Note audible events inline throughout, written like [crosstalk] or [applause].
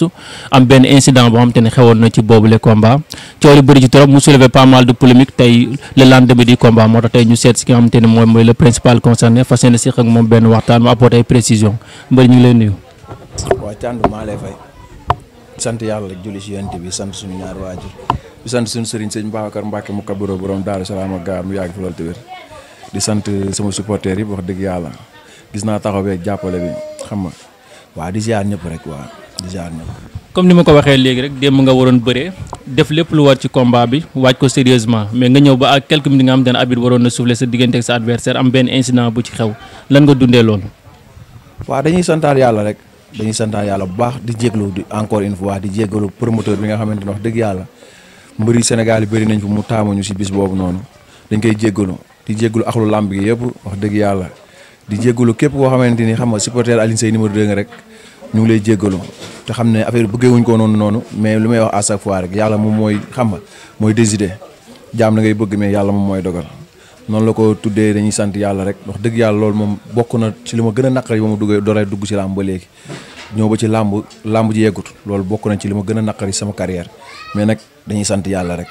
juste am ben incident bo xamanteni xewon na ci le combat ciori li ci torop mu soulevé pas mal de polémique tay le lendemain du combat mo tay ñu sét ci nga xamanteni moy moy le principal concerné fas yéene si ak moom benn waxtaan mu apporté précision mbëri ñu lay nuyu. wa tandu ma lay fay sante yalla julli ci yent bi sante suñu ñaar waji bi sante suñu serigne serigne babakar Mbacke mu kaburo borom daru Salaam ak gaar mu yàgg fi te wer di sante sama supporter yi wax deug yalla gis naa taxawee jàppale bi xam nga wa di ziar ñep rek wa comme ni ma ko waxee léegi rek dem nga waron bëree def lepp lu war ci combat bi wacc ko sérieusement mais nga ñëw ba ak quelques minutes nga am den abit waron na souffler sa digënté ak sa adversaire am ben incident bu ci xew lan nga dundé lool wa dañuy santal yalla rek dañuy santal yalla bu baax di jéglu di encore une fois di jéglu promoteur bi nga xamanteni wax deug yalla mbëri Sénégal yi bëri nañ fu mu taamuñu ci bis bobu noonu dañ koy jéglu di jéglu akhlu lamb gi yépp wax deug yalla di jéglu képp ko xamanteni xam nga supporter aline sey numéro 2 rek ñu ngi lay jéggalu te xam ne affaire bëggee ko noonu noonu mais lu may wax à fois rek yàlla moom mooy xam nga mooy décider jaam la ngay bëgg mais yàlla moom mooy dogal noonu la ko tuddee dañuy sant yàlla rek wax dëgg yàlla loolu moom bokk na ci li ma gën a naqari ma duggee dooree dugg ci làmb ba léegi ñëw ci làmb làmb ji loolu bokk na ci li ma gën a naqari sama carrière mais nag dañuy sant yàlla rek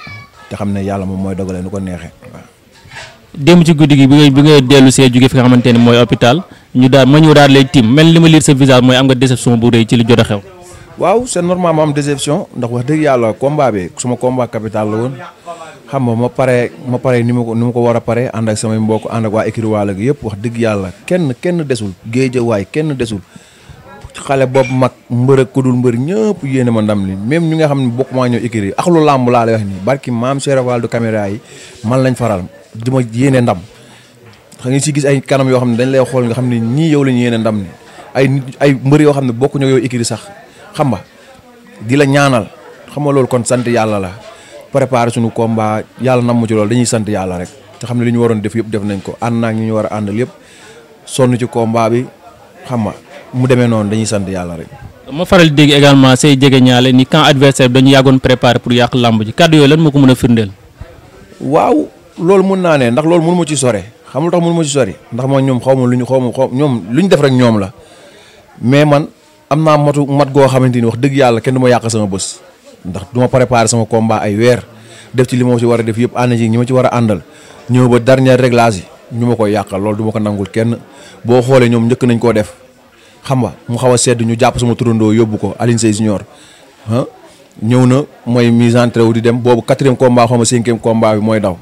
te xam ne yàlla moom mooy dogalee nu ko neexee démb ci guddi gi bi nga bi nga dellu see jóge fi nga xamante ne mooy hôpital ñu daal ma ñëw daal lay tiim mel li ma liir sa visage mooy am nga déception bu rëy ci li jot a xew. waaw c'est normal ma am déception ndax wax dëgg yàlla combat bi suma combat capital la woon xam nga ma pare ma pare ni ma ko ni ma ko war a pare ànd ak samay mbokk ànd ak waa écrivain gi yëpp wax dëgg yàlla kenn kenn desul géejawaay kenn desul. xale boobu mag mbër ak mbër ñëpp yéene ma ndam li même ñu nga xam ne bokk maa ñëw écrire ak lu làmb laa lay maam Cheikh Fall du caméra yi man lañ faral di ma yéene ndam xam nga si gis ay kanam yoo xam ne dañ lay xool nga xam ne ñii yow la ñu yéene ndam ni ay ay mbër yoo xam ne bokk bokkuñu yow écurie sax xam nga di la ñaanal xam nga loolu kon sant yàlla la préparer suñu combat yàlla nam mu ci loolu dañuy sant yàlla rek te xam ne li ñu waroon def yëpp def nañ ko ànd naa ñu ñu war àndal yëpp sonn ci combat bi xam nga mu demee noonu dañuy sant yàlla rek. ma faral di dégg également say jege ñaale ni camp adversaire dañu yàggoon préparer pour yàq làmb ji kàddu yooyu lan moo ko mën a firndeel. waaw loolu mun naa ne ndax loolu mënu ma ci sore xam lu tax mënu ci sori ndax man ñoom xaw ma lu ñu xaw ma ñoom lu ñu def rek ñoom la mais man am naa matu mat goo xamante ni wax dëgg yàlla kenn du ma yàq sama bës ndax du ma préparé sama combat ay weer def ci li ma ci war a def yëpp ànd ci ñi ma ci war a àndal ñëw ba dernier réglage yi ñu ma koy yàqal loolu du ma ko nangul kenn boo xoolee ñoom njëkk nañ koo def xam nga mu xaw a sedd ñu jàpp sama turandoo yóbbu ko Alioune Sèye Junior ah ñëw na mooy mise en wu di dem boobu quatrième combat xaw ma cinquième combat bi mooy daw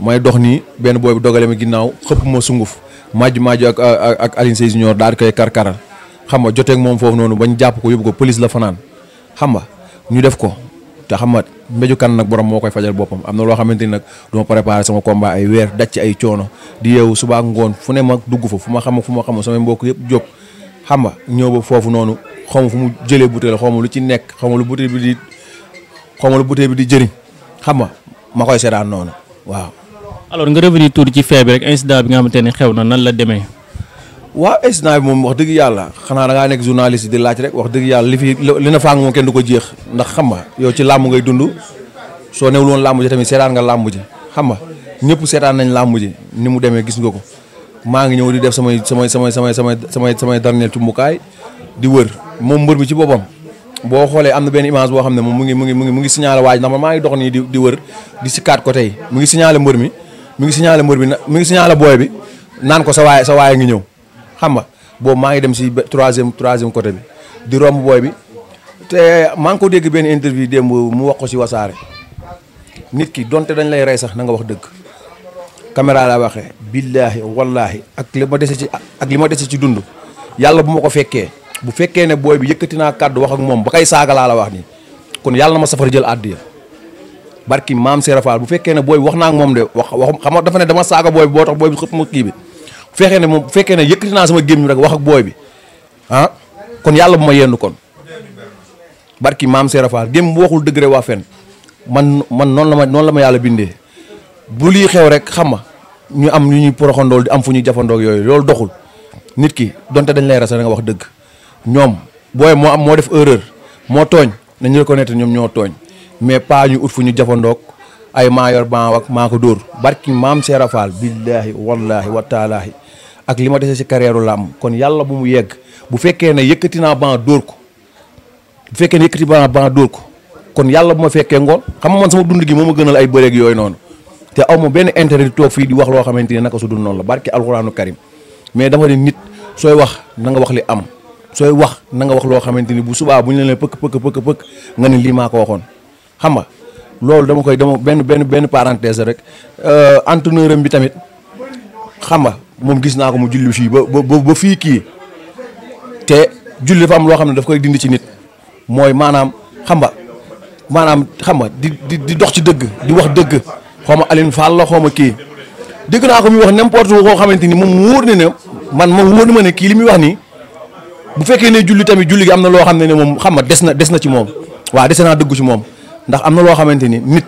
may dox nii benn booy bi dogale ma ginnaaw xëpp ma sunguf maaju maaju ak ak Alioune Sèye Junior koy karkaral xam nga joteek moom foofu noonu bañ jàpp ko yóbbu ko police la fanaan xam nga ñu def ko te xam nga mbéju kan nag borom moo koy fajal boppam am na loo xamante ni nag du préparé sama combat ay weer daj ci ay coono di yeewu subaak ak ngoon fu ne ma dugg fa fu ma xam fu ma xamul sama mbokk yëpp jóg xam nga ñëw ba foofu noonu xaw fu mu jëlee butéel xaw ma lu ci nekk xaw ma lu butéel bi di xaw ma lu butéel bi di jëriñ xam nga ma koy seetaan alors nga revenir tuuti ci feeb bi rek incident bi nga xamante ne xew na nan la demee. waaw incident bi moom wax dëgg yàlla xanaa dangaa ngaa nekk journaliste di laaj rek wax dëgg yàlla li fi li na fang moom kenn du ko jeex ndax xam nga yow ci làmb ngay dund soo newul woon làmb ji tamit seetaan nga làmb ji xam nga ñëpp seetaan nañ làmb ji ni mu demee gis nga ko maa ngi ñëw di def samay samay samay samay samay samay samay dernier tumbukaay di wër moom mbër bi ci boppam boo ngi mu ngi mu ngi signalé waaj ndax maa ngi dox nii di di wër mu ngi signalé mbër mi mu ngi signalé mbër bi na mu ngi signalé booy bi naan ko sa waay sa waay ngi ñëw xam nga boobu maa ngi dem si troisième troisième côté bi di romb booy bi te maa ngi ko dégg benn interview démb mu wax ko si wasaare nit ki donte dañ lay rey sax na nga wax dëgg caméra laa waxee billaahi wallaahi ak li ma dese ci ak li ma dese ci dund yàlla bu ma ko fekkee bu fekkee ne booy bi yëkkati naa kàddu wax ak moom ba kay saaga laa la wax nii kon yàlla na ma safar jël àddiya barki maam Serap Fall bu fekkee ne booy wax naa ak moom de wax wax xam nga dafa ne dama saaga booy bi boo tax booy bi xëpp ma kii bi bu fekkee ne moom bu fekkee ne yëkkati naa sama gémmiñ rek wax ak booy bi ah kon yàlla bu ma yendu kon barki maam Serap Fall gémm bu waxul dëgg rek waa fen man man noonu la ma noon la ma yàlla bindee bu lii xew rek xam nga ñu am ñu ñuy poroxandool di am fu ñuy jafandoog yooyu loolu doxul nit ki donte dañ lay rase da nga wax dëgg ñoom booy moo am moo def erreur moo tooñ ko reconnaître ñoom ñoo tooñ mais pa ñu ut fu ñu jafandok ay mayor yor ban ak mako dor barki maam Seera billahi wallahi wa taala ak lima ma dese si carrière lam kon yalla bu mu yegg bu fekkee ne yëkkati na ban dor ko bu fekkee ne yëkkati ban ban dor ko kon yalla bu ma fekkee ngol xam nga man sama dund gi moma gënal ay bëreek yoy non te awmu ben intérêt di di wax lo xamanteni naka su dund non la barki alcorane karim mais dama ne nit soy wax na nga wax li am soy wax na nga wax lo xamanteni ni bu suba bu ñu leen pëkk pëkk pëkk pëkk nga li mako ko xam nga loolu dama koy dama benn benn benn parenthèse rek euh, entraîneur am bi tamit xam nga moom gis naa ko mu julli fii ba ba ba fii kii te julli dafa am loo xam ne daf koy dindi ci nit mooy maanaam xam nga maanaam xam nga di di di dox ci dëgg di wax dëgg xaw ma Aline Fall la xaw ma kii dégg naa ko muy wax n'importe koo xamante ni moom wóor na ne man moom wóor ma ne kii li muy wax nii bu fekkee ne julli tamit julli am na loo xam ne ne moom xam nga des na des na ci moom waa dese naa dëgg ci moom. ndax amna lo xamanteni nit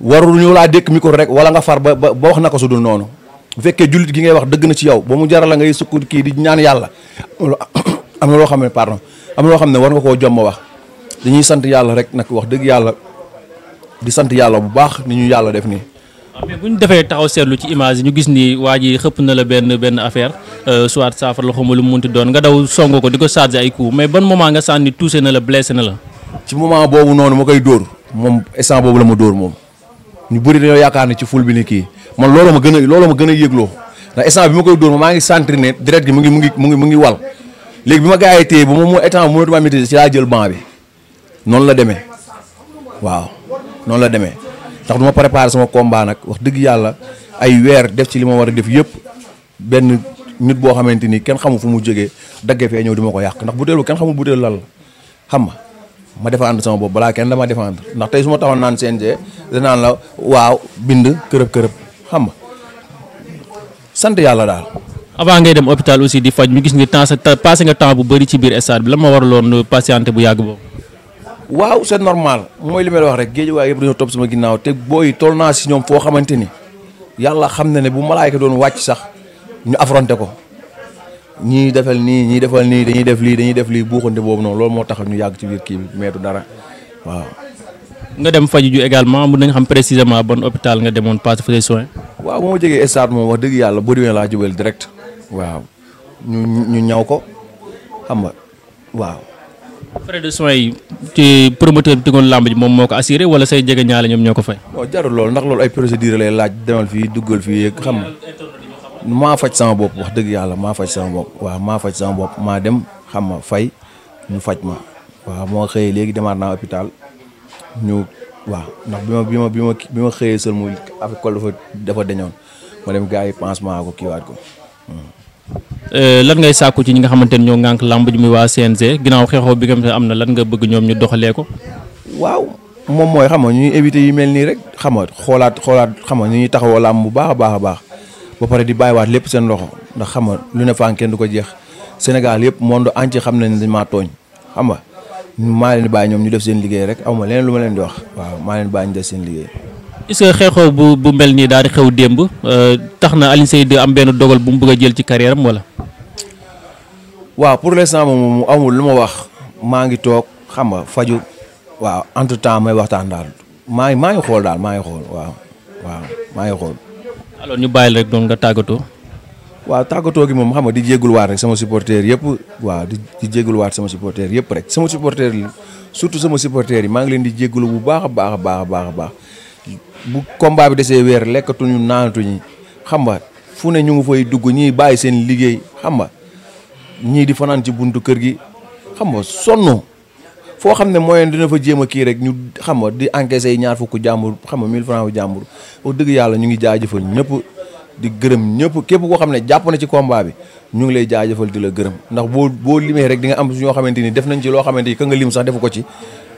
waru ñu la dekk mi ko rek wala nga far ba ba wax nako sudul nonu fekke julit gi ngay wax deug na ci yow bo mu jaral la ngay sukk di ñaan yalla [coughs] amna lo pardon amna lo war nga ko jom wax dañuy sante yalla rek nak wax deug yalla di sante yalla bu baax ni ñu yalla def ni ah, mais bu ñu taxaw sétlu ci image ñu gis ni waji xëpp na la affaire euh, soit la mu munti doon nga daw songo ko di ay coup mais ban moment nga sanni touser na la blessé na la. ci moment bobu nonu koy moom instant boobu la ma dóor moom ñu bëri dañoo yaakaar ne ci ful bi ni kii man looloo ma gën a looloo ma gën a yégloo ndax instant bi ma koy dóor ma maa ngi sentir ne direct gi mu ngi mu ngi mu ngi mu ngi wal léegi bi ma gars yi téye ba moom moo état mënatuma maîtriser ci laa jël banc noonu la demee noonu la demee ndax du ma préparé sama combat nag wax dëgg yàlla ay weer def ci li ma war a def yëpp benn nit boo xamante ni kenn xamu fu mu jógee daggee fee ñëw di ma ko yàq ndax butéelu kenn xamul butéelu lan la xam nga ma défendre sama boobu balaa kenn dama défendre ndax tey su ma taxoon naan CNG danaan la waaw bind kërëb kërëb xam nga sant yàlla daal. avant ngay dem hôpital aussi di faj ñu gis nga temps sa passé nga temps bu bëri ci biir stade bi la ma waraloon patiente bu yàgg boobu. waaw c'est normal mooy li may wax rek géej waaye yëpp dañoo topp sama ginnaaw te booy tool naa si ñoom foo xamante ni yàlla xam na ne bu malaayka doon wàcc sax ñu affronté ko. ñii defal nii ñii defal nii dañuy def lii dañuy def lii buuxante boobu noonu loolu moo tax ñu yàgg ci biir kii bi meetu dara waaw. nga dem faju ju également mun nañu xam précisément ban hôpital nga demoon passe fa soin. waaw bu ma jógee stade moom wax dëgg yàlla boo demee laa jubal direct. waaw ñu ñaw ko xam nga waaw. frais de yi ci promoteur bi tëggoon làmb ji moom moo ko assuré wala say jege ñaale ñoom ñoo ko fay. waaw jarul loolu ndax loolu ay procédure lay laaj demal fii duggal fii xam nga. maa faj sama bopp wax dëgg yàlla maa faj sama bopp waaw maa faj sama bopp maa dem xam ma fay ñu faj ma waaw moo xëyee léegi demaat naa hôpital ñu waaw ndax bi ma bi ma bi ma xëyee sël mu kol dafa dafa dañoon ma dem gars yi pansement ko kiiwaat ko. Hmm. Euh, lan ngay sàkku ci ñi nga xamante ni ñoo ngànk làmb ji muy waa CNG ginnaaw xeexoo bi nga xam ne am na lan nga bëgg ñoom ñu doxalee ko. waaw moom mooy xam nga ñuy éviter yu mel nii rek xam nga xoolaat xoolaat xam nga ñu ñuy taxawoo làmb bu baax a baax a baax. ba pare di bàyyiwaat lépp seen loxo ndax xam nga lu ne fànn kenn du ko jeex Sénégal yëpp monde entier xam nañ dañ maa tooñ xam nga maa leen di bàyyi ñoom ñu def seen liggéey rek aw ma leneen lu ma leen di wax waaw maa leen di bàyyi ñu bu bu mel nii daal di xew démb euh, tax na Alioune Seye am benn dogal bu bëgg a jël ci carrière am waaw pour l'instant moom mu amul lu ma wax maa ngi toog xam nga faju waaw entre temps may waxtaan daal maa ngi maa ngi xool daal maa ngi waaw waaw maa ngi xool. alors ñu bàyyil rek doon nga tàggatoo. waaw tàggatoo gi moom xam nga di jégaluwaat rek sama supporteur yëpp waaw di di jégaluwaat sama supporteur yëpp rek sama supporteur yi surtout sama supporteur yi maa ngi leen di jégalu bu baax a baax baax a baax bu combat bi desee weer lekkatuñu naanatuñu xam nga fu ne ñu ngi fay dugg ñii bàyyi seen liggéey xam ñii di fanaan ci buntu kër gi xam nga sonn. foo xam ne moyen dina fa jéem a kii rek ñu xam nga di encaissé yi ñaar fukk jàmbur xam nga 1000 francs bu jàmbur wax dëgg yàlla ñu ngi jaajëfal ñëpp di gërëm ñëpp képp koo xam ne jàpp na ci combat bi ñu ngi lay jaajëfal di la gërëm ndax boo boo limee rek di nga am ñoo xamante ni def nañ ci loo xamante ni ka nga lim sax defu ko ci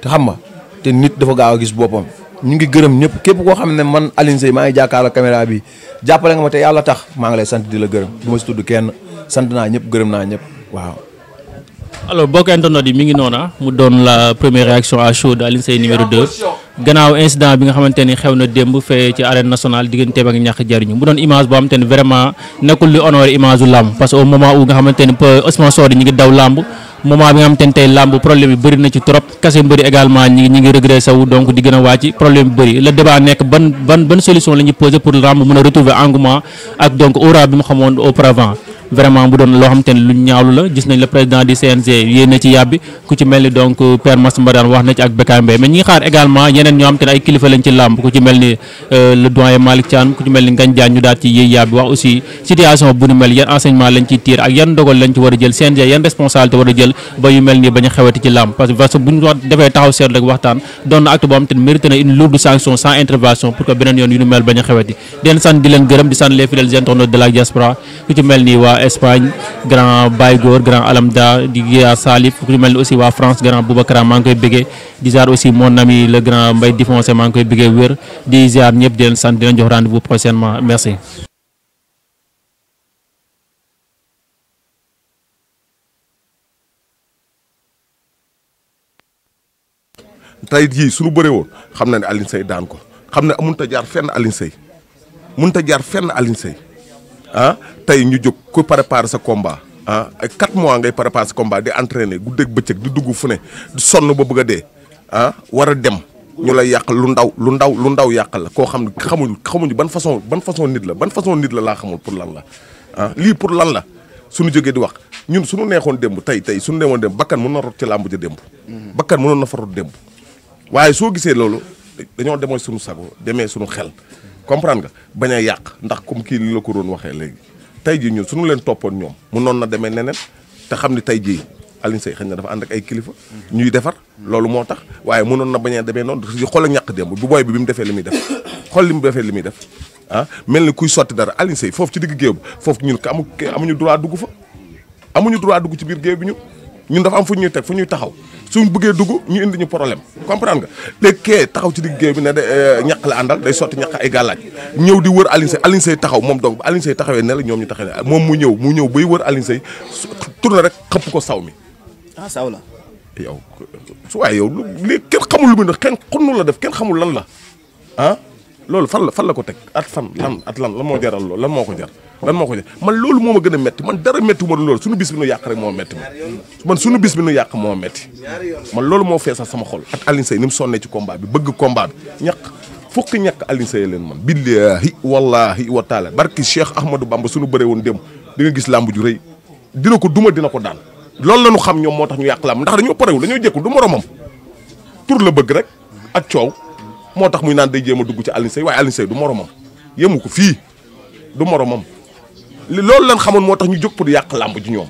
te xam nga te nit dafa gaaw a gis boppam ñu ngi gërëm ñëpp képp koo xam ne man Alioune Seye maa ngi jàkkaarloo caméra bi jàppale nga ma te yàlla tax maa ngi lay sant di la gërëm du ma si tudd kenn sant naa ñëpp gërëm naa ñëpp waaw alors boo ko internet yi mi ngi noona mu doon la première réaction à chaud de Alioune Seye numéro 2 gannaaw incident bi nga xamante ni xew na démb fee ci arène nationale digganteem ak ñàkk jariñu mu doon image boo xamante ni vraiment nekkul lu honoré image u làmb parce que moment où nga xamante ni sponsor yi ñu ngi daw làmb moment bi nga xamante tey làmb problème yi bëri na ci trop kase mbëri également ñi ngi ñi ngi regressé wu donc di gën a wàcc problème bi bëri le débat nekk a retrouver engouement ak donc aura bi mu xamoon auparavant vraiment bu doon loo xam te ne lu ñaawlu la gis nañ le président du CNG yéen ci yàbbi ku ci mel ni donc Père Mass Mbadane wax na ci ak Bécaye Mbaye ñi xaar également yeneen ñoo xam te ay kilifa lañ ci làmb ku ci mel ni euh, le doyen Malick Thiam ku ci mel ni Ngagne Diagne ñu daal ci yéey yàbbi wax aussi situation bu nu mel yan enseignement lañ ciy tiir ak yan ndogal lañ ci war a jël CNG yan responsabilité war a jël ba yu mel nii bañ a xewati Espagne grand Baye Góor grand Alamda di ziar Salif ku mel ni aussi waa France grand Boubacara maa ngi koy bëggee di ziar aussi mon ami le grand Mbaye Difoncé maa ngi koy bëggee wér di ziar ñëpp di leen sant di leen jox rendez-vous prochainement merci. tey jii suñu bëree woon xam na ne Alioune Seye daan ko xam ne mënut a jaar fenn Alioune Seye mënut a jaar fenn Alioune Seye ah tey ñu jóg ku préparer sa combat ah ay 4 mois ngay préparer sa combat di entraîner guddeeg bëccëg di dugg fu ne di sonn ba bëgg dee ah war a dem. ñu lay yàqal lu ndaw lu ndaw lu ndaw yàqal la koo xam ne xamuñu xamuñu ban façon ban façon nit la ban façon nit la laa xamul pour lan la ah, lii pour lan la su suñu jógee di wax ñun su suñu neexoon démb tey tey suñu demoon démb bakkan mën na rot ci làmb demb démb bakkan mënoon na fa rot démb waaye soo gisee loolu dañoo demoon suñu sago demee suñu xel comprendre nga bañ a yàq ndax comme kii li la ko doon waxee léegi tey jii ñun suñu leen toppoon ñoom mënoon na demee neneen te xam ne tey jii Alioune Seye xëy na dafa ànd ak ay kilifa ñuy defar loolu moo tax waaye mënoon na bañ a demee noonu a ñàkk démb bu booy bi bi mu defee li muy def xol li mu defee li muy def ah mel ni kuy sotti dara Alioune Seye foofu ci digg géew bi foofu ñun amu amuñu droit dugg fa amuñu droit dugg ci biir géew bi ñu ñun dafa am fu ñuy teg fu ñuy taxaw suñ bëggee dugg ñu indi ñu problème comprendre nga léegi taxaw ci digg géew bi ne de euh, ñaq la àndal day sotti ñaq ay gàllaaj ñëw di wër Alioune Seye taxaw moom donc Alioune taxawee ne la ñoom ñu taxawee moom mu ñëw mu ñëw bay wër Alioune Seye tourné rek xëpp ko saw mi ah saw la yow su waaye yow lii kenn xamul lu muy def kenn xunnu la def kenn xamul lan la ah loolu fan la fan la ko teg at fan lan at lan lan moo jaral loolu lan moo ko jar lan moo ko man loolu moo ma gën a métti man dara métti ma loolu suñu bis bi nu yàq rek moo métti man suñu bis bi nu yàq moo métti man loolu moo feesal sama xol ak Alioune ni mu sonnee ci combat bi bëgg combat bi ñàkk fukki ñàkk Alioune Seye leen man billaahi wallaahi wa taala barki Cheikh Ahmadou Bamba suñu bëree woon dem di nga gis làmb ju rëy dina ko duma dina ko daan loolu la ñu xam ñoom moo tax ñu yàq làmb ndax dañoo parewul dañoo jékkul du moromam pour la bëgg rek ak coow moo tax muy naan day jéem a dugg ci Alioune Seye waaye du moromam yemu ko fii du moromam li loolu lan xamoon moo tax ñu jóg pour yàq làmb ji ñoom.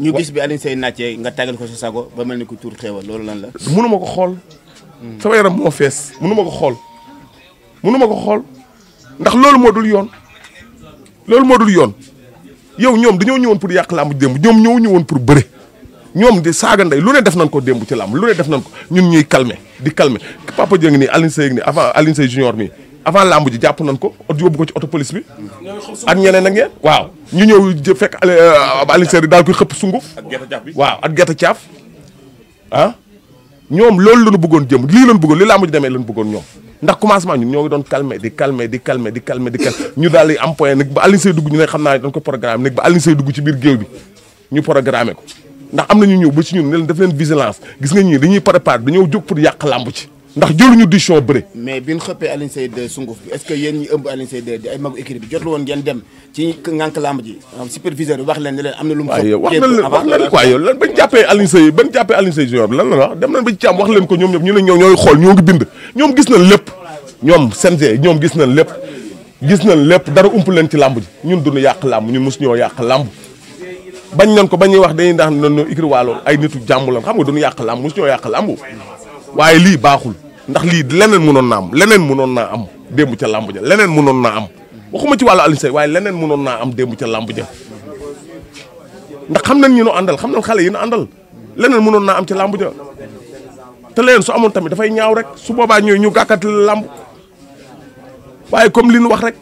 ñu gis bi Alioune Seye naajte nga tàggal ko sa sago ba mel ni ku tuur xeewal loolu lan la. mënu ma ko xool. Hmm. sama yaram moo fees mënu ma ko xool. mënu ma ko xool ndax loolu moo dul yoon loolu moo dul yoon yow ñoom dañoo ñëwoon pour yàq làmb démb ñoom ñoo ñëwoon pour bëre ñoom di saaga ndey lu ne def nañ ko démb ci làmb lu ne def nañ ko ñun ñuy calmer di calmer papa Dieng nii Alioune nii avant Alioune Seye junior avant lamb ji jàpp nañ ko yóbbu ko ci auto police bi ak ñeneen ak ñeen waaw ñu ñëw fekk euh, Alioune Sèye daal koy xëpp sunguf waaw ak gerte caaf ah ñoom loolu lañu bëggoon jëm lii lañu bëggoon li lamb ji demee lañu bëggoon ñoom ndax commencement ñun ñoo doon calmer di calmer di calmer di calmer di calmer ñu daal di am point nag ba Alioune Sèye dugg ñu ne xam naa dañ ko programme nag ba Alioune Sèye dugg ci biir géew bi ñu programmé ko ndax ñu ñëw ba ci ñun ne leen daf leen vigilance pour yàq lamb ci ndax jëluñu décision bëre. mais bi ñu xëppee Alioune Seye de sunguf bi est-ce que yéen ñi ëmb Alioune Seye de di ay magu équipe bi jotul woon ngeen dem ci ngànk lamb ji superviseur bi wax leen ne leen am na lu mu. waaw yow wax na leen wax na leen quoi yow lan bañ jàppee Alioune Seye jàppee Alioune Seye junior lan wax dem nañ ba ci am wax leen ko ñoom ñëpp ñoo ñooy xool ñoo ngi ñoom gis nañ lépp ñoom CNG ñoom gis nañ lépp gis nañ lépp dara ump leen ci làmb ji ñun du duñu yàq lamb ñun mosu ñoo yàq lamb bañ na ko bañuy wax dañuy ndax non ñoo ikri waalool ay nitu jàmm lan xam nga duñu yàq lamb mosu ñoo yàq lamb waaye lii baaxul ndax lii leneen mënoon naa am leneen mënoon naa am démb ca làmb ja leneen mënoon naa am waxuma ci wàllu Alioune waaye leneen mënoon naa am démb ca làmb ja ndax xam nañ ñu àndal xam nañ xale yi àndal leneen mënoon naa am ca làmb ja te leneen su amoon tamit dafay ñaaw rek su boobaa ñooy ñu gàkkat làmb waaye comme li nu wax rek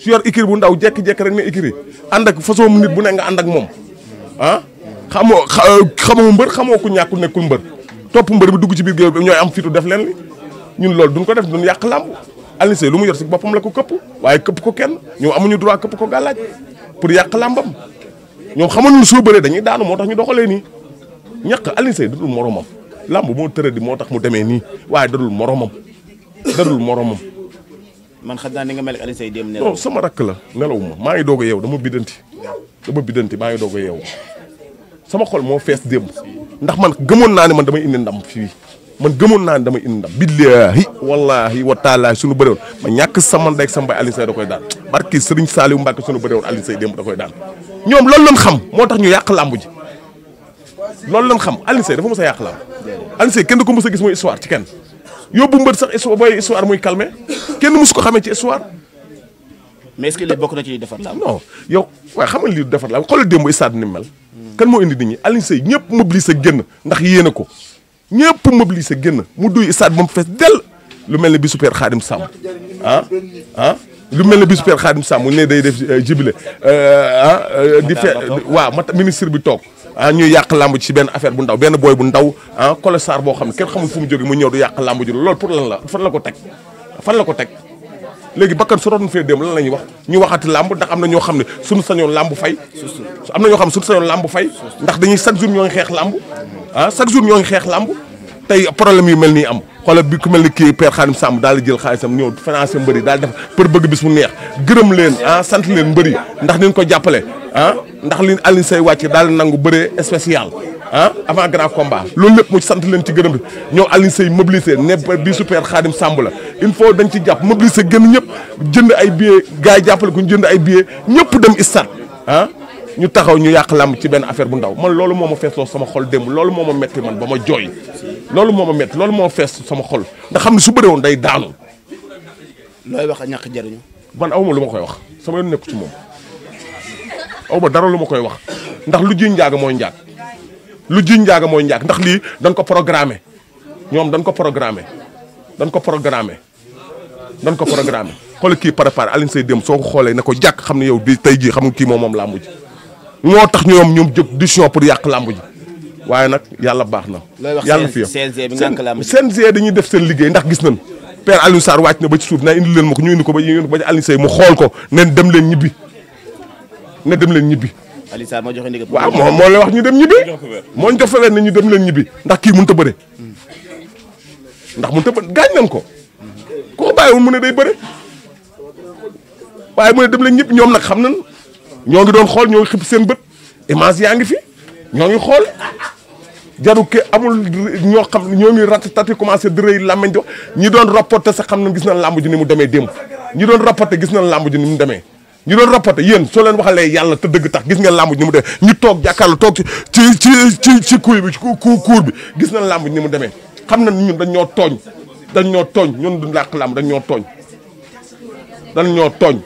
su yor ikir bu ndaw jekki-jekki rek ne ikiri ànd ak façon nit bu ne nga ànd ak moom ah xamoo xamoo mbër xamoo ku ñàkku nekkul mbër topp mbër mi dugg ci biir géew bi ñooy am fitu def leen ñun loolu duñ ko def duñ yàq làmb Alioune lu mu yor si boppam la ko këpp waaye këpp ko kenn ñoom amuñu droit këpp ko gàllaaj pour yàq làmbam ñoom xamoon soo bëree dañuy daanu moo tax ñu doxalee nii ñàq Alioune Seye dadul moromam làmb moo tëradi moo tax mu demee nii waaye dadul moromam dadul moromam. man xam naa ni nga mel ak Alioune Seye dem nelaw sama rakk la nelaw ma maa ngi doog a yeew dama biddanti dama biddanti maa ngi doog a sama xol moo fees démb ndax man gëmoon naa ne man damay indi ndam fii man gëmoon naa ne damay indi ndam billaahi wallaahi wa taala suñu bëriwoon ma ñàkk sama ndey ak sama baay Alioune Seye da koy daan barki Serigne Saliou Mbacke suñu bëriwoon Alioune Seye démb da koy daan ñoom loolu lañ xam moo tax ñu yàq làmbu ji loolu lañ xam Alioune Seye dafa mës a yàq làmb Alioune kenn da ko mës a gis mooy histoire ci kenn yóbbu mbër sax histoire booy histoire muy calmé kenn mësu ko xamee ci histoire mais est-ce que li bokk na ci defar làmb yow waaye xam nga li defar làmb xoolal démb stade ni mel kan moo indi nit ñi Alioune Seye ñëpp mobilisé génn ndax yéene ko ñëpp sa génn mu duy stade ba mu fees dell lu mel ni bisu Père Khadim Samb ah ah lu mel ni bisu Père Khadim Samb mu ne day def euh, jibile euh, ah euh, di fe waaw ma ministre bi toog ah ñuy yàq làmb ci benn affaire bu ndaw benn booy bu ndaw ah colossar boo xam ne kenn xamul fu mu jóge mu ñëw du yàq làmb ji loolu pour lan la fan la ko teg fan la ko teg léegi bakkan su roon fee dem la ñuy wax ñu waxati làmb ndax am na ñoo xam ne suñu sañoon làmb fay am na ñoo xam ne suñu sañoon làmb fay ndax dañuy chaque jour ñoo ngi xeex làmb ah chaque jour ñoo ngi xeex làmb tey problème yu mel nii am xoola bi ku mel ni kii Père Khadim Samb daal di jël xaalisam ñëw financé mbëri daal def pour bëgg bi mu neex gërëm leen ah sant leen mbëri ndax niñ ko jàppale ah ndax li Alioune Seye wàcc daal nangu bëree spécial ah avant grand combat loolu lépp mu sant leen ci gërëm ñoom Alioune Seye mobilisé ne bi super xaadim Samb la il faut dañ ci jàpp mobilisé gën ñëpp jënd ay billets gars yi jàppale ko ñu jënd ay billets ñëpp dem stade ah ñu taxaw ñu yàq làmb ci benn affaire bu ndaw man loolu moom ma feesloo sama xol démb loolu moo ma metti man ba loolu moo ma loolu moo fees sama xol ndax xam ne su bëree woon wax a ñàkk jëriñu. man awma lu ma koy wax sama yoon nekku ci moom awma dara lu ma koy wax ndax lu ji njaaga mooy njaag lu jiñ njaaga mooy njaag ndax lii dañ ko programmé ñoom dañ ko programmé dañ ko programmé dañ ko programmé xoolal kii préparé Alioune Seye dem soo ko xoolee ne ko jàkk xam ne yow di tey jii xam nga kii moom moom làmb ji ñoo tax ñoom ñoom jóg décision pour yàq làmb ji waaye nag yàlla baax na. yàlla fi yow CNG bi ngànk làmb ji CNG dañuy def seen liggéey ndax gis nañ père Alioune Sarr wàcc na ba ci suuf naa indi leen ma ko ñu indi ko ba ñu indi ko ba ci Alioune Seye mu xool ko neen dem leen ñibbi ne dem leen ñibbi Alioune Sarr moo joxe ndigal waaw moom moo la wax ñu dem ñibbi moo ñu defalee ne ñu dem leen ñibbi ndax kii mënut a bëre ndax mënut a bëre gaañ nañ ko ku ko bàyyiwul mu ne day bëre waaye mu ne dem leen ñibbi ñoom nag xam nañ ñoo ngi doon xool ñoo ngi xib seen bët image yaa ngi fi ñoo ngi xool jaru ke amul ñoo xam ñoo ngi ratatati commencé di rëy làmmeñ ñi doon rapporté sax xam nañ gis nañ làmb ji ni mu demee démb ñi doon rapporté gis na làmb ji ni mu demee ñu doon rapporté yéen soo leen waxalee yàlla te dëgg tax gis ngeen làmbuj ni mu demee ñu toog jàkkaarloo toog ci ci ci ci kuy bi kuur bi gis nañ làmbuj ni mu demee xam na ñun dañ ñoo tooñ dañ ñoo tooñ ñun du làq làmb dañ ñoo tooñ dañ ñoo tooñ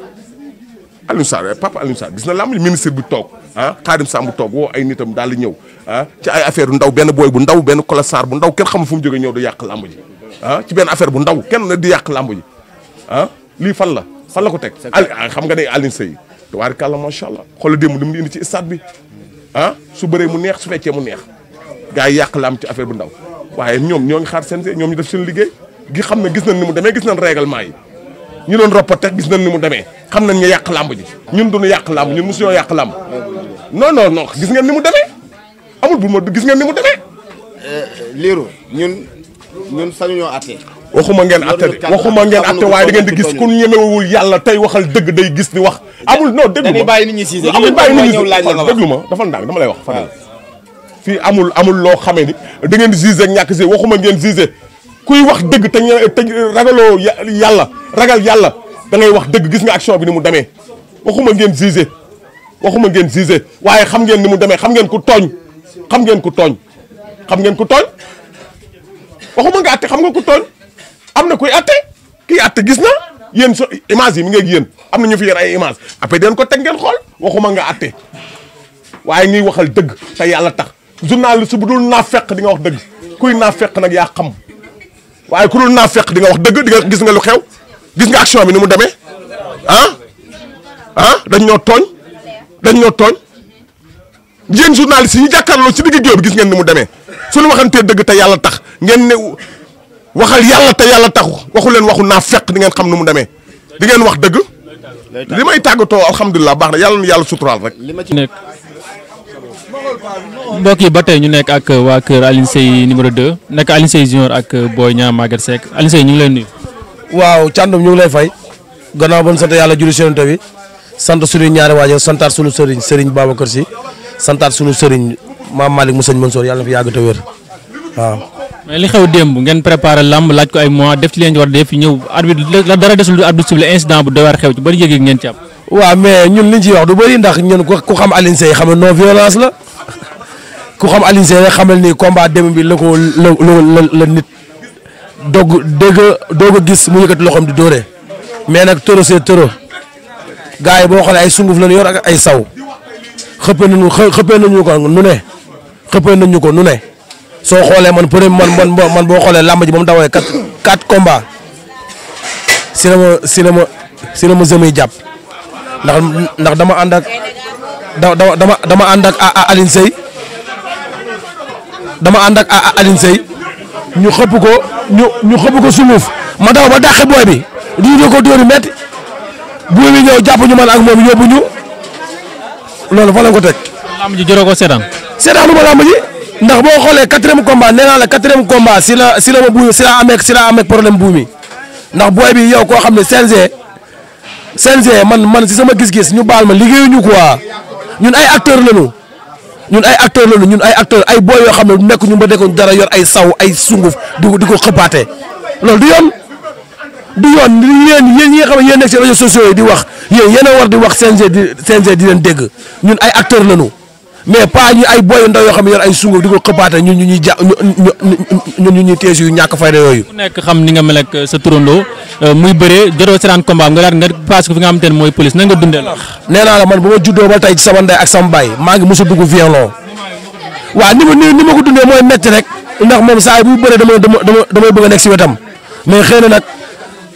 Alioune Sarr eh, papa Alioune Sarr gis na làmb ministre bi toog ah Xaadim Samb toog woo ay nitam daal di ñëw ah ci ay affaire bu ndaw benn booy bu ndaw benn colossar bu ndaw kenn xamul fu mu jógee ñëw di yàq làmb ji ah ci benn affaire bu ndaw kenn di yàq làmb ji ah lii fan la fan la ko teg Aliou ah, xam nga ne Alioune Seye tubaar kàlla macha allah xoolal mu li mu indi ci stade bi ah su bëree mu neex su feccee mu neex gaa yi yàq la ci affaire bu ndaw waaye ñoom ñoo ngi xaar seen ñoom ñu def seen liggéey gi xam ne gis nañ ni mu demee gis nañ règlement yi ñu doon rapport gis nañ ni mu demee xam nañ ñu yàq làmb ji ñun duñu yàq làmb ñun mosuñoo yàq làmb non non non gis ngeen ni mu demee amul bu ma gis ngeen ni mu demee euh, liiru ñun ñun sañuñoo àtte waxuma ngeen atte de waxuma ngeen atte waaye da ngeen di gis ku ñemewul yàlla tey waxal dëgg day gis ni wax. amul non déglu ma dañuy bàyyi nit ñi siise amul bàyyi nit ñi déglu ma dafa ndànk dama lay wax Fadel. Ah. fii amul amul loo xamee ni da ngeen di siise ñàkk si waxuma ngeen siise kuy wax dëgg te ñu ragaloo yàlla ragal yàlla da wax dëgg gis nga action bi ni mu demee waxuma ngeen siise waxuma ngeen siise waaye xam ngeen ni mu demee xam ngeen ku tooñ xam ngeen ku tooñ xam ngeen ku tooñ waxuma nga atte xam nga ku tooñ am na kuy atte kii atte gis na yéen so image yi mi ngi yéen am na ñu fi yor ay image après den ko teg ngeen xool waxuma nga atte waaye ngiy waxal dëgg te yàlla tax journaliste bu dul naa fekk di wax dëgg kuy naa fekk nag yaa xam waaye ku dul naa fekk di nga wax dëgg di gis nga lu xew gis nga action bi ni mu demee ah ah dañ ñoo tooñ dañ ñoo tooñ yéen journaliste yi jàkkaarloo ci digg géew bi gis ngeen ni mu demee suñu waxantee dëgg te yàlla tax ne waxal yalla te yalla taxu waxu len waxu na fekk di ngeen xam nu mu demé di ngeen wax deug limay tagoto tàggatoo baxna yalla nu yalla sutural rek. li ma yi ba ñu nek ak wa keur Alioune sey numéro 2 nek Alioune sey junior ak Boy nya magar sek Alioune sey ñu ngi lay nuyu. waaw ciandum ñu ngi lay fay gëna bon sante yalla julli seen bi sante suñu ñaari waaje santaat suñu serigne serigne babakar si santaat suñu sëriñ maam Malick Moussa Mansour yalla fi yag te waaw. mais li xew démb ngeen préparé lamb laaj ko ay mois def ci leen war def ñëw arbitre la dara desul arbitre cible incident bu doy waar xew ci bari yëg-yëg ngeen ci am. waaw mais ñun liñ ciy wax du bëri ndax ñun ku xam Alioune Seye xam violence la ku xam Alioune Seye rek xamal ni combat démb bi la ko la la nit doog dégg doog a gis mu yëkkati loxoom di dóore mais nag toro c'est toro gars yi boo xoolee ay sunguf lañ yor ak ay saw xëppee nañu xëppee nañu ko nu ne xëppee nañu ko nu ne. soo xoolee man premier man man man boo xoolee làmb ji ba mu dawee quatre quatre combats si la ma si la ma si la ma sëmee jàpp ndax ndax dama ànd ak da dama dama ànd ak dama ànd ak Aline ñu xëpp ko ñu ñu xëpp ko sunguf ma daw ba dàqe booy bi duñu ko dóori metti booy bi ñëw jàpp ñu man ak moom yóbbu ñu loolu fa lañ ko teg. làmb ko seetaan. seetaanu ma làmb ndax boo xoolee quatrième combat nee naa la quatrième combat si la si la ma buum si la amee si la problème buumi ndax booy bi yow koo xam ne CNG CNG man man si sama gis-gis ñu baal ma liggéeyuñu quoi ñun ay acteurs lañu ñun ay acteurs lañu ñun ay acteurs ay booy yoo xam ne nekk ñu ba nekkoon dara yor ay saw ay sunguf di di ko xëppaate loolu du yoon du yoon yéen yéen ñi nga xam ne yéen nekk si réseaux sociaux yi di wax yéen yéen war di wax CNG di CNG di leen dégg ñun ay acteurs lañu. mais pas ñu ay boyu ndaw yoo xam ne yor ay sunguf di ko xëppaate ñun ñu ñuy ja ñun ñu ñuy tees yu ñàkk yooyu. nekk xam ni nga mel ak sa turandoo euh, muy bëree jotoo seetaan combat nga daal nga paas ko mooy police nga dundee la. nee naa la man bu ma juddoo ba tey ci ak sama maa ngi mos a dugg violon waaw ni ma ni ma ko dundee mooy métti rek ndax moom saa bu bëree dama dama damay bëgg a nekk si wetam mais xëy na nag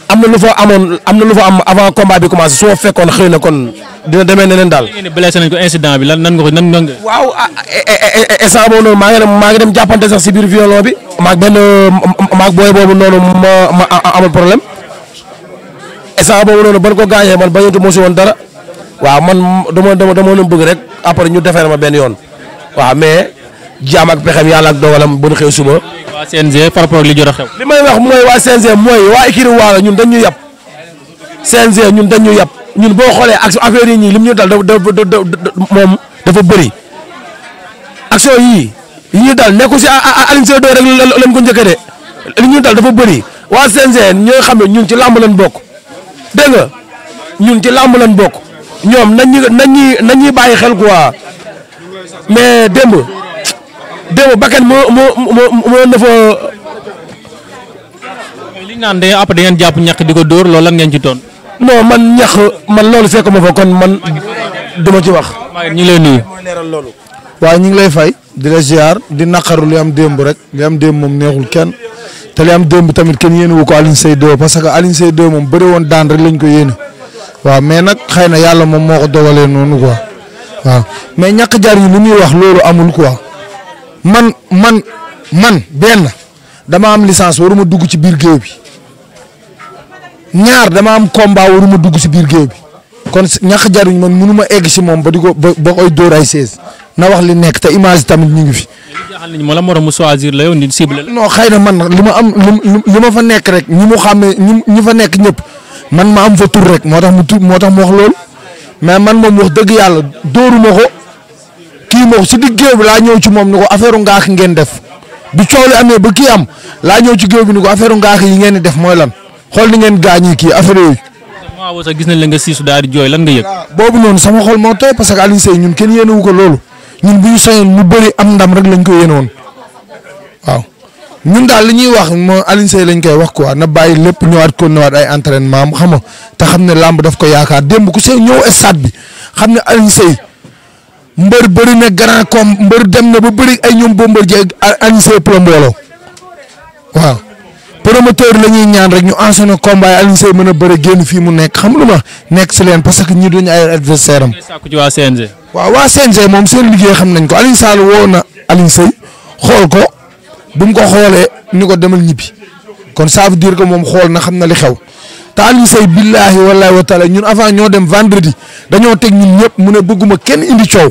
am na lu fa amoon am na lu fa am avant combat bi commencé fekkoon xëy na kon dina demee neneen daal. blessé nañ ko incident bi lan nan nga ko nan nga. waaw instant ah, eh, eh, eh, boobu noonu maa ngi dem maa ngi dem jàppante sax si biir violon bi. maag benn maag booy boobu noonu ma ma amul problème instant boobu noonu ban ko gaañee man bañatu moo si woon dara waaw man dama dama dama doon bëgg rek après ñu defee ma benn yoon waaw mais jaam ak pexem yàlla ak dogalam bu ñu xëy suba. waa CNG par rapport ak li jot a xew. li may wax mooy waa CNG mooy waa écurie Waalo ñun dañu ñu yab CNG ñun dañu ñu yab ñun boo xoolee ak affaire yi ñii lim ñu dal da dafa bëri action yii yi ñu dal nekku si Alioune Seye rek lañ ko njëkkee de li ñu dal dafa bëri waa CNG ñoo xam ne ñun ci làmb lañ bokk dégg nga ñun ci làmb lañ bokk ñoom nañ bàyyi xel quoi mais démb. démb bakkan mo mo mo mo na fa. li ñu naan de après da ngeen jàpp ñax di ko dóor loolu lan ngeen ci doon. non man ñax man loolu fekkuma fa kon man duma ci wax. waaye lay nuyu. waaye ñu lay fay. di la ziar di naqaru li am démb rek li am démb moom neexul kenn te li am démb tamit kenn yéene wu ko Alioune Seye 2 parce que Alioune Seye 2 moom bëri woon daan rek lañ ko yéene waaw mais quoi mais jaar yi lu ñuy wax amul quoi. man man man benn dama am licence waruma dugg ci biir géew bi ñaar dama am combat waruma dugg ci biir géew bi kon ñax jaruñ man mënu ma egg si moom ba di ba ba koy dóor ay seize na wax li nekk te image tamit ñu ngi fi. li ma la mu la yow nit cible la. non xëy na man li ma am li ma fa nekk rek ñi mu xàmmee ñi ñi fa nekk ñëpp man ma am fa tur rek moo tax mu tur moo tax mu wax loolu mais man moom wax dëgg yàlla dóoru ma ko. kii moom si digg géew bi laa ñëw ci moom ni ko affaire ngaax ngeen def bi coow li amee ba kii am laa ñëw ci géew bi ni ko affaire ngaax yi ngeen di def mooy lan xool ni ngeen gaañee kii affaire yooyu. waaw sax gis nañ la nga siisu daal di jooy lan nga yëg. Ah, boobu noonu sama xol moo tooy parce que Alioune Seye ñun kenn yéenewu ko loolu ñun bu ñu bëri am ndam rek lañ ko yéene woon waaw ñun daal li ñuy wax moo Alioune lañ koy wax quoi na bàyyi lépp ñëwaat ko ñëwaat ay entraînement xam nga te xam ne làmb daf ko yaakaar démb ku see ñëw stade bi xam ne Alioune Seye mbër bëri na grand com mbër dem na ba bëri ay ñoom Bombardier ak Alioune Plomboolo waaw promoteur la ñuy ñaan rek ñu enchaîné combat yi Alioune Seye mën a bëri génn fii mu nekk xam lu ma nekk si leen parce que ñii duñu ay adversaire am. waa CNG. waaw waa CNG moom seen liggéey xam nañ ko Alioune Sall woo na Alioune Seye xool ko bu mu ko xoolee ni ko demal ñibbi kon ça veut ko moom xool na xam na li xew. te Alioune Seye billaahi wallaahi wa ñun avant ñoo dem vendredi dañoo teg ñun ñëpp mu ne bëgguma kenn indi coow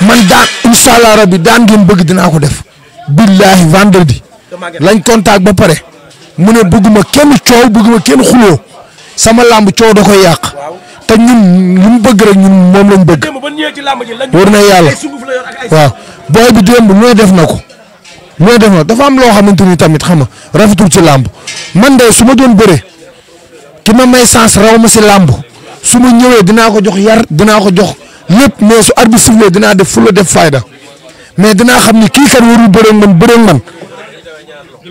man daan incha allah rabbi daan ngeen bëgg dinaa ko def billaahi vendredi lañ contact ba pare mu ne bëgguma kenn coow bëgguma kenn xuloo sama làmb coow da koy yàq te ñun lu mu bëgg rek ñun moom la bëgg war na yàlla waaw booy bi démb nooy def na ko nooy def na dafa am loo xamante ni tamit xam nga rafetul ci làmb man de su ma doon bëre ki ma may sens raw ma si làmb su ma ñëwee dinaa ko jox yar dinaa ko jox lépp mais su arbitre sifflé dinaa def fulla def fayda mais dinaa xam ni kii kat warul bëre man bëre nan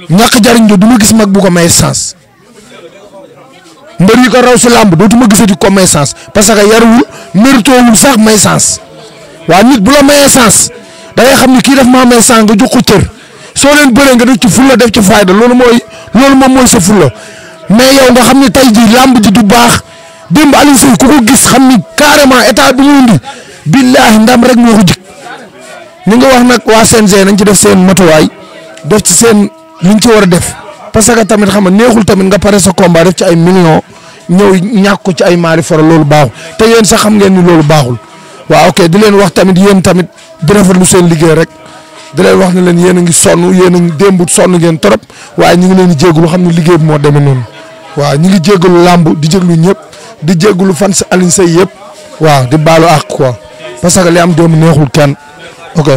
ñàkk jariñ jo du ma gis mag bu ko may sens mbër yi ko raw si làmb dootuma ti ko may sens parce que yarul méritowul sax may sens waa nit bu la mayee sens da ngay xam ni kii daf maa may sens nga jox ko cër soo leen bëree nga def ci fulla def ci fayda loolu mooy loolu moom mooy sa fulla mais yow nga xam ni tey jii làmb ji du baax démb Alioune Seye ku ko gis xam ni carrément état bi mu indi billaahi ndam rek moo ko jik ni nga wax nag waa CNG nañ ci def seen matuwaay def ci seen liñ ci war a def parce que tamit xam nga neexul tamit nga pare sa combat def ci ay millions ñëw ñàkk ci ay maari foro loolu baaxul te yéen sax xam ngeen ni loolu baaxul waaw ok di leen wax tamit yéen tamit di rafetlu seen liggéey rek di leen wax ne leen yéen a ngi sonn yéen a ngi démb sonn ngeen trop waaye ñu ngi leen di jégalu xam ne liggéey bi moo demee noonu. waaw ñu di jégalu làmb di jégalu ñëpp di jégalu fan si Alioune Seye yëpp waaw di baalu àq ko parce que li am doomu neexul kenn ok.